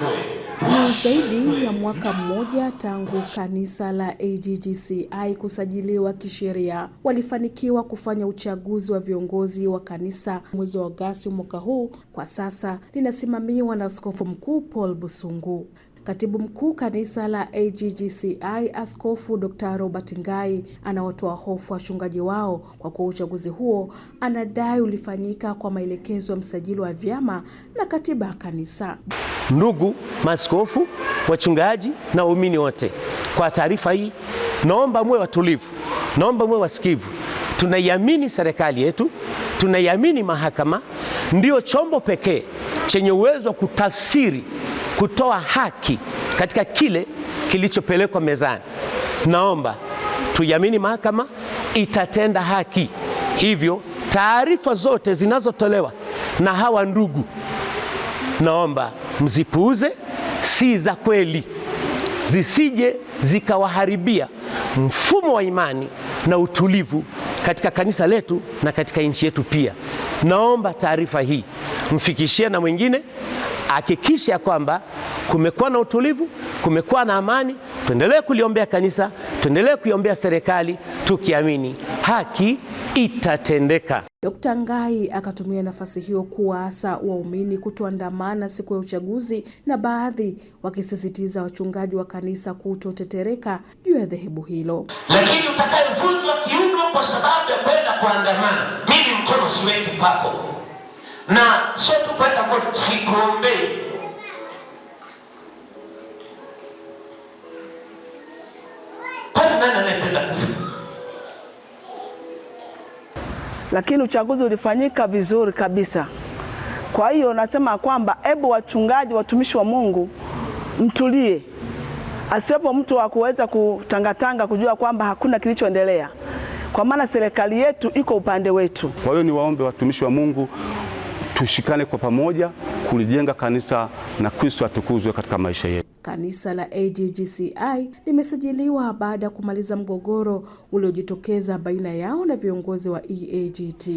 Ni zaidi ya mwaka mmoja tangu kanisa la AGGCI kusajiliwa kisheria. Walifanikiwa kufanya uchaguzi wa viongozi wa kanisa mwezi wa Agosti mwaka huu. Kwa sasa linasimamiwa na Askofu Mkuu Paul Busungu. Katibu mkuu kanisa la AGGCI Askofu Dr. Robert Ngai anawatoa hofu wachungaji wao kwa kuwa uchaguzi huo anadai ulifanyika kwa maelekezo ya msajili wa vyama na katiba ya kanisa. Ndugu maskofu wachungaji na waumini wote, kwa taarifa hii naomba muwe watulivu, naomba muwe wasikivu. Tunaiamini serikali yetu, tunaiamini mahakama ndiyo chombo pekee chenye uwezo wa kutafsiri kutoa haki katika kile kilichopelekwa mezani. Naomba tuiamini mahakama itatenda haki, hivyo taarifa zote zinazotolewa na hawa ndugu, naomba mzipuuze, si za kweli, zisije zikawaharibia mfumo wa imani na utulivu katika kanisa letu na katika nchi yetu pia. Naomba taarifa hii mfikishie na mwingine hakikisha kwamba kumekuwa na utulivu, kumekuwa na amani. Tuendelee kuliombea kanisa, tuendelee kuiombea serikali, tukiamini haki itatendeka. Dkt. Ngai akatumia nafasi hiyo kuwaasa waumini kutoandamana siku ya uchaguzi na baadhi wakisisitiza wachungaji wa kanisa kutotetereka juu ya dhehebu hilo. Lakini utakayevunjwa kiuno kwa sababu ya kwenda kuandamana, mimi mkono siweki kwako na sio tu kwa sikuombee lakini uchaguzi ulifanyika vizuri kabisa. Kwa hiyo nasema kwamba hebu wachungaji, watumishi wa Mungu, mtulie, asiwepo mtu wa kuweza kutangatanga kujua kwamba hakuna kilichoendelea, kwa maana serikali yetu iko upande wetu. Kwa hiyo niwaombe watumishi wa Mungu tushikane kwa pamoja kulijenga kanisa na Kristo atukuzwe katika maisha yetu. Kanisa la AGGCI limesajiliwa baada ya kumaliza mgogoro uliojitokeza baina yao na viongozi wa EAGT.